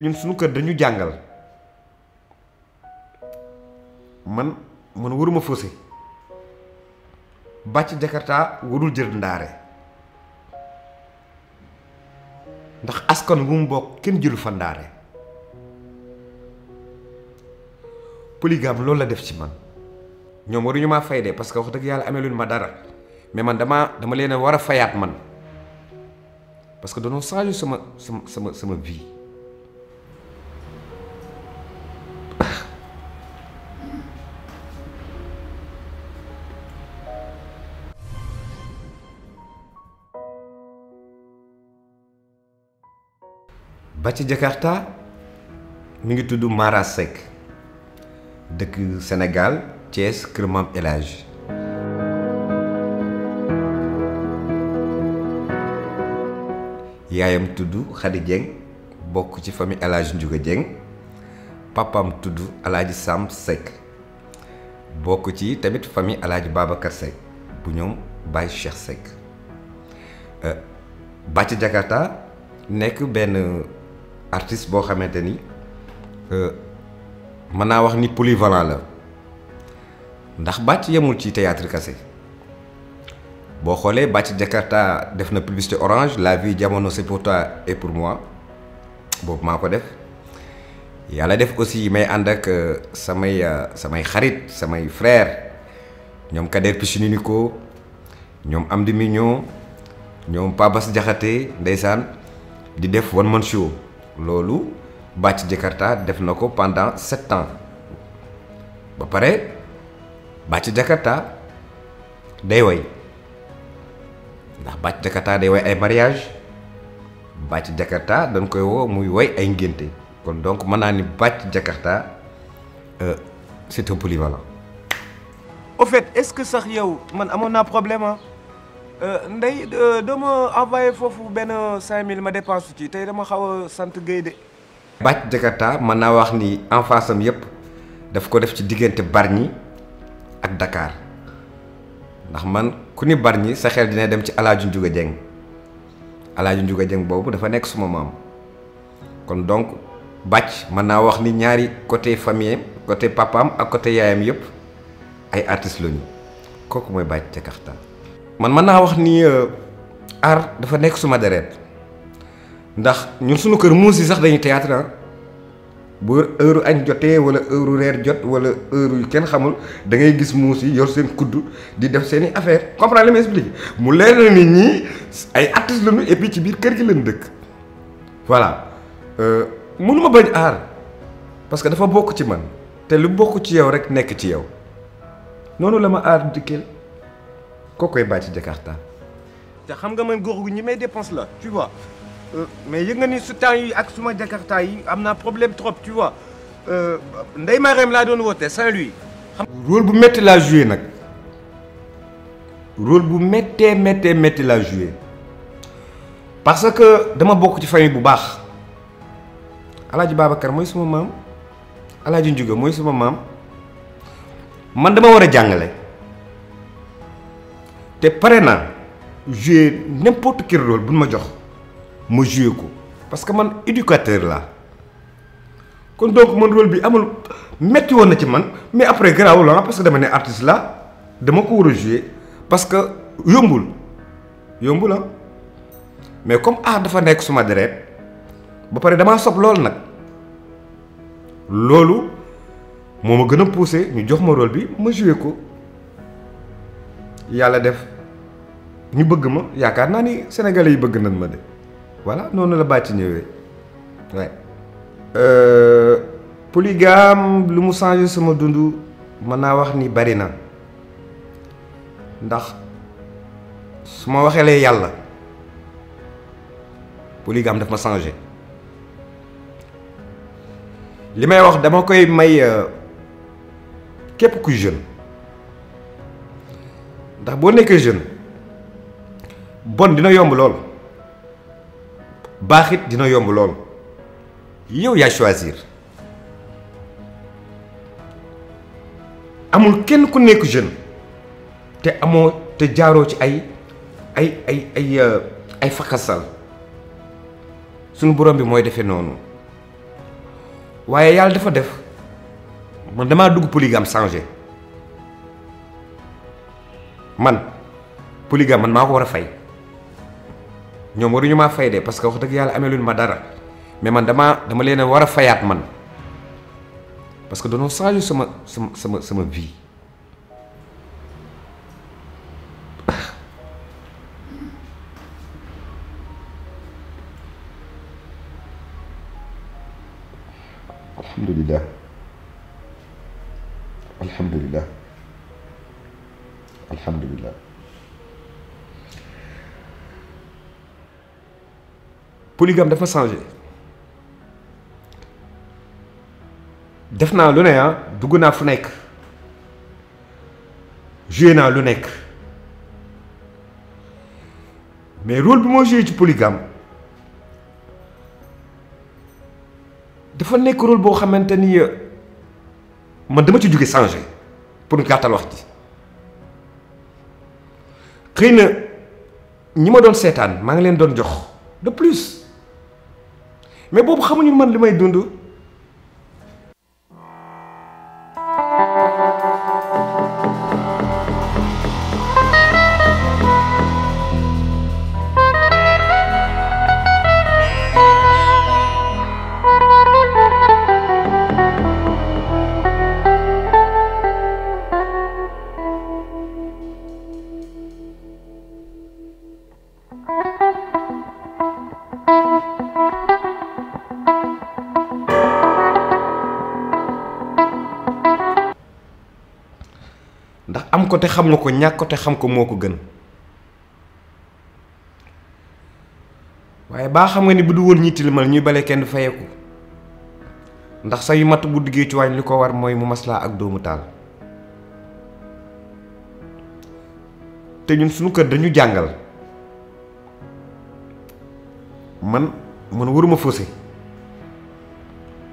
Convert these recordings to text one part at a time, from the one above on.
ñun suñu kër dañu jàngal man man waruma faussé bàcc jakarta warul jër ndaare ndax askan wu mu bokk kenn jëlu fa ndaare polygame loolu la def ci man ñoom waruñu maa fay de parce que wax dëgg yàlla amee luñ ma dara mais man dama dama leen a war a fayaat man parce que danoo changé sama sama sama sama vie ba ci Jakarta mi ngi tudd Mara Seck dëkk Sénégal Thiès Kër Maam El yaayam tudd Khady Dieng bokk ci famille El Hadj Ndiouga Dieng papam tudd El Hadj Sam Seck bokk ci tamit famille El Hadj Babacar bu ñoom Baye Cheikh Seck euh, ba ci nekk benn artiste boo xamante ni euh, mën naa wax ni polyvalent la ndax bàcc yemul ci théâtre kase boo xoolee bàcc Jakarta def na publicité orange la vie jamono c'est pour toi et pour moi boobu maa ko def yàlla def aussi may ànd ak euh, samay euh, samay xarit samay frère ñoom ni ko ñoom Amdi Mignon ñoom Pabas Jaxate ndeysaan di def one man show loolu Bàcc Jakarta def na ko pendant sept ans ba pare Bàcc Jakarta day woy ndax Bàcc Jakarta day woy ay mariage Bàcc Jakarta dañ koy woo muy way ay ngénte kon donc mën naa ni Bàcc Jakarta euh, c'est un polyvalent. au fait est-ce que sax yow man amoon naa problème Euh, Ndeye euh, doo ma envoyé foofu benn 5000 ma dépense ci tey dama xaw a sant Guèye de. Bac Jakarta mën naa wax ni en face am yëpp daf ko def ci diggante Bargny ak dakaar ndax man ku ni Bargny sa xel dina dem ci El Hadj Ndiouga Dieng El Hadj boobu dafa nekk suma maam kon donc bàcc mën naa wax ni ñaari côté famille côté papaam ak côté yaayam yëpp ay artistes lañu kooku mooy Bac Jakarta. man mën naa wax ni euh, art dafa nekk suma deret ndax ñu suñu kër muus yi sax dañuy théâtre ah. bu heure añ jotee wala heure reer jot wala heure yu kenn xamul da ngay gis muus yi yor seen kudd di def seen i affaire comprendre li ma mu leer na nit ñi ay artistes lañu et ci biir kër gi lañ dëkk voilà euh, mënu ma bañ aar parce que dafa bokk ci man te lu bokk ci yow rek nekk ci yow noonu la ma aar dikkeel koo koy bàyyi ci Jakarta. te xam nga man góor gu ñi may dépense la tu vois euh, mais yëg nga ni su temps yi ak suma Jakarta yi am naa problème trop tu vois euh, Ndeye Marème laa doon woote Saint-Louis. role bu métti laa joué nag rôle bu méttee méttee métti laa joué parce que dama bokk ci famille bu baax Alaaji Babacar mooy suma maam Alaaji Njuga mooy suma maam man dama war a jàngale. te pare na jouer n'importe quel rôle bu ñu ma jox ma jouer ko parce que man éducateur la kon donc man rôle bi amul metti woon na ci man mais après garaawul la ah, parce que dama ne artiste laa dama ko war a jouer parce que yombul yombul ah mais comme ah dafa nekk suma deret ba pare damaa sob loolu nag loolu moo ma gën a poussé ñu jox ma rôle bi ma jouer ko. yàlla def ñu bëgg ma yaakaar naa ni sénégalais yi bëgg nañ ma de voilà noonu la bàcc ñëwee waaye euh, polygame lu mu changé suma dund mën naa wax ni bari na ndax su ma la yàlla polygame daf ma changé li may wax dama koy may euh, képp kuy jeune ndax boo nekkee jeune bon dina yomb lool baaxit dina yomb lool yow yaa choisir amul kenn ku nekk jeune te amoo te jaaroo ci ay ay ay ay euh, ay fakkasal suñu borom bi mooy defee noonu waaye yàlla dafa def mën damaa dugg polygame changé man polygame man maa ko war a fay ñoom waruñu maa fay de parce que wax dëgg yàlla amee luñ ma dara mais man damaa dama leen a war a fayaat man parce que dañoo changé sama sama sama sama vie. alhamdulilah alhamdulilah. alhamdulilah polygame dafa changé def naa lu ne ah, dugg naa fu nekk joué naa lu nekk mais rôle bi moo joué ci polygame dafa nekk rôle boo xamante ni euh, man dama ci jóge changé pour gàttal wax ji xëy na ñi ma doon seetaan maa ngi leen doon jox de plus mais boobu xamuñu man li may dund. am ko te xam nga ko ñàkk ko te xam ko moo ko gën waaye baa xam nga ni bu du woon ñi tilimal ñuy bale kenn fayeku ndax sa yu matt bu duggee ci li ko war mooy mu maslaa ak doomu taal te ñun suñu kër dañu jàngal man man waruma fóose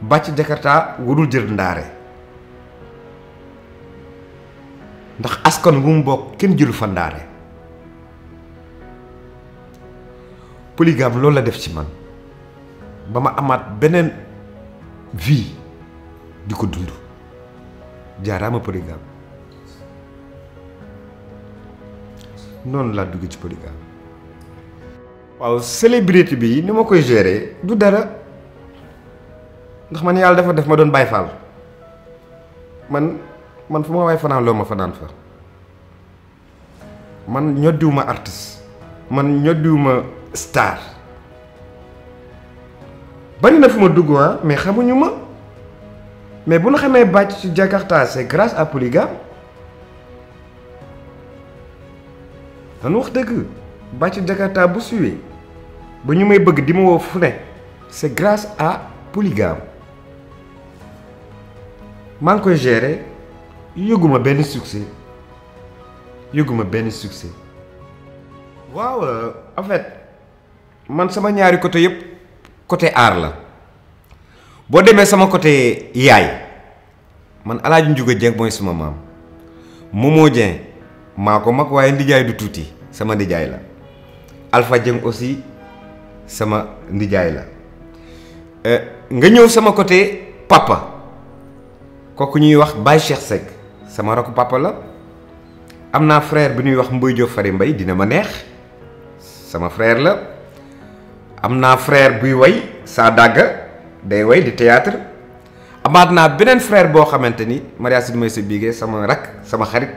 bàcc jakartaa warul jër ndaare askan bu mu bokk kenn jëlu fandaare polygame loolu la def ci man ba ma amaat beneen vie di ko dund jaaraama polygame noonu laa dugg ci polygame waaw célébrité bi ni ma koy gérer du dara ndax man yàlla dafa def ma doon Baay Faal man man fu ma waay fanaan loo ma fanaan fa man ñoddiwuma artiste man ñoddiwuma star bari na fu ma dugg waa ah, mais xamuñu ma mais bu ñu xamee bàcc ci Jakarta c'est grâce à Polygame dañu wax dëgg bàcc Jakarta bu suwee ba ñu may bëgg di ma woo fu ne c'est grâce à Polygame maa ngi koy gérer yëguma benn succès yëguma benn succès waaw euh, en man sama ñaari côté yëpp côté aar la boo demee sama côté yaay man Alaaji Njuga Jeeng mooy sama maam Momo Jeeng maa ko mag waaye ndijaay du tuuti sama ndijaay la Alpha Jeeng aussi sama ndijaay la euh, nga ñëw sama côté papa kooku ñuy wax Baye Cheikh Seck sama rakku papa la am naa frère bi ñuy wax Mboy Diop Fary dina ma neex sama frère la am naa frère buy way saa dàgga day way di théâtre amaat naa beneen frère boo xamante ni Maria Sidi may sa sama rak sama xarit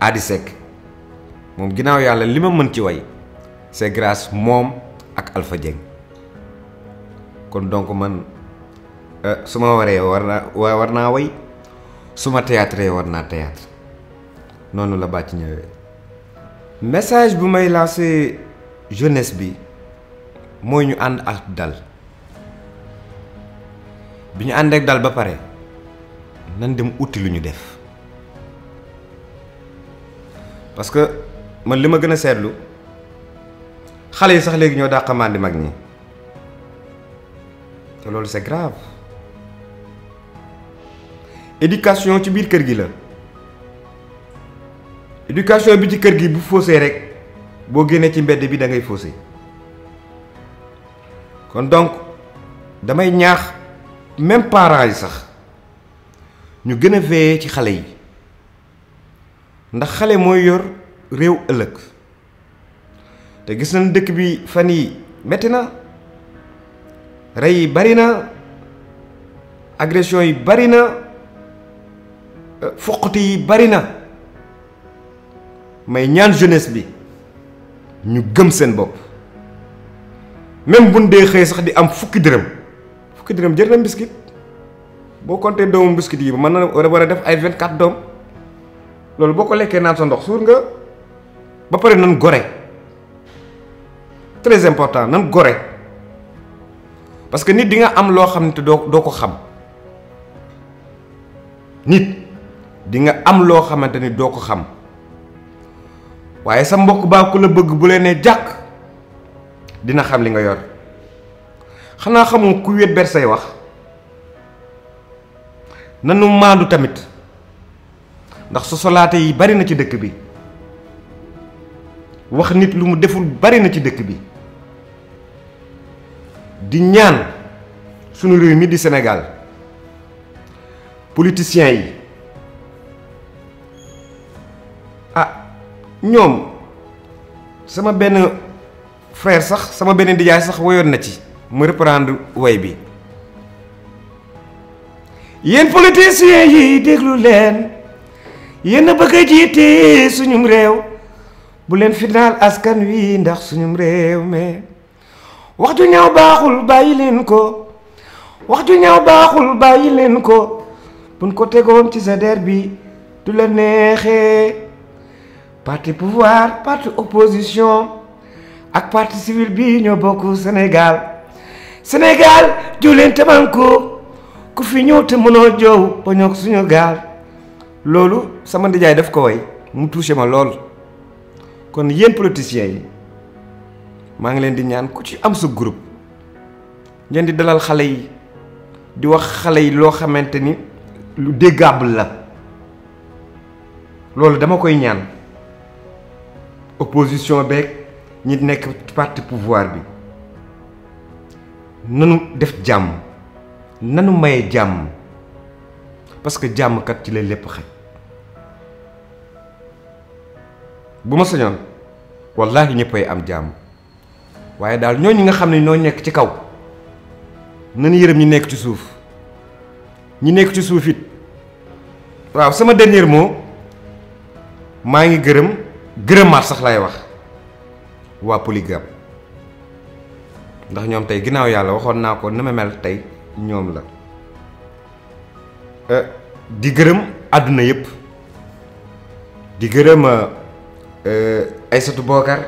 Adi Seck moom ginnaaw yàlla li ma mën ci way c'est grace moom ak Alpha kon donc man euh, su ma waree war naa war way su ma théâtre war naa théâtre noonu la bàcc ñëwee message bu may lancé jeunesse bi mooy ñu ànd ak dal bi ñu ànd ak dal ba pare nan dem uti lu ñu def parce que man li ma gën a seetlu xale yi sax léegi ñoo daa mag ñi te loolu c'est grave éducation ci biir kër gi la. éducation bi ci kër gi bu faussé rek boo génnee ci mbedd bi da ngay faussé kon donc damay ñaax même parents yi sax ñu gën a veiller ci xale yi ndax xale mooy yor réew ëllëg te gis nañ dëkk bi fan yi metti na rey yi bari na agression yi bari na euh, foqati yi bari na may ñaan jeunesse bi ñu gëm seen bopp même bun dee xëyee sax di am fukki dërëm fukki dërëm jër na mbiskit boo compté doomu mbiskit yi mën na war a war def ay vingt quatre doom loolu boo ko lekkee naan sa ndox suur nga ba pare nan gore très important nan gore parce que nit di nga am loo xam ne te doo doo ko xam nit dinga am loo xamante ni doo ko xam waaye sa mbokk baa ku la bëgg bu leenee jàkk dina xam li nga yor xanaa xamul ku wéet ber say wax nanu maandu tamit ndax sosolaate yi bari na ci dëkk bi wax nit lu mu deful bari na ci dëkk bi di ñaan sunu réew mi di senegaal politiciens yi ñoom sama benn frère sax sama benn dijaay sax woyoon na ci mu reprendre way bi yéen politiciens yi déglu leen yenn a bëgg a jiite suñum réew bu leen fitnaal askan wi ndax suñum réew mais wax ju ñaaw baaxul bàyyi leen ko wax ju ñaaw baaxul bàyyi leen ko buñ ko tegoon ci sa der bi du la neexee parti pouvoir parti opposition ak parti civil bi ñoo bokk Sénégal Sénégal jiw leen tamanko ku fi ñëw te mënoo joow ba ñoo suñu gaal loolu sama ndijaay daf ko way mu touché ma lool kon yéen politiciens yi maa ngi leen di ñaan ku ci am sa groupe ngeen di dalal xale yi di wax xale yi loo xamante ni lu déggable la loolu dama koy ñaan opposition beeg ñi nekk parti pouvoir bi nanu def jàmm nanu maye jàmm parce que jàmm kat ci lay lépp xaj bu ma sañoon wallaahi ñëppay am jàmm waaye daal ñooñu nga xam ne ñoo nekk ci kaw nanu yërëm ñi nekk ci suuf ñi nekk ci suuf it waaw sama dernier mot maa ngi gërëm. gërëmaat sax lay wax waa polygame ndax ñoom tey ginnaaw yàlla waxoon naa ko ni tey ñoom la euh, di gërëm àdduna yëpp di gërëm euh, Aïssatou Bokar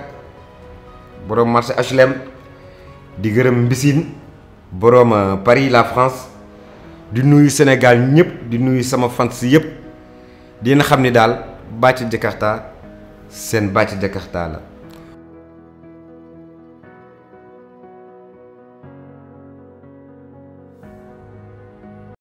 boroom marché HLM di gërëm Mbisine boroom euh, Paris la France di nuyu Sénégal ñëpp di nuyu sama fans yëpp dina xam ni daal bàcc Jakarta seen bàcc jakarta la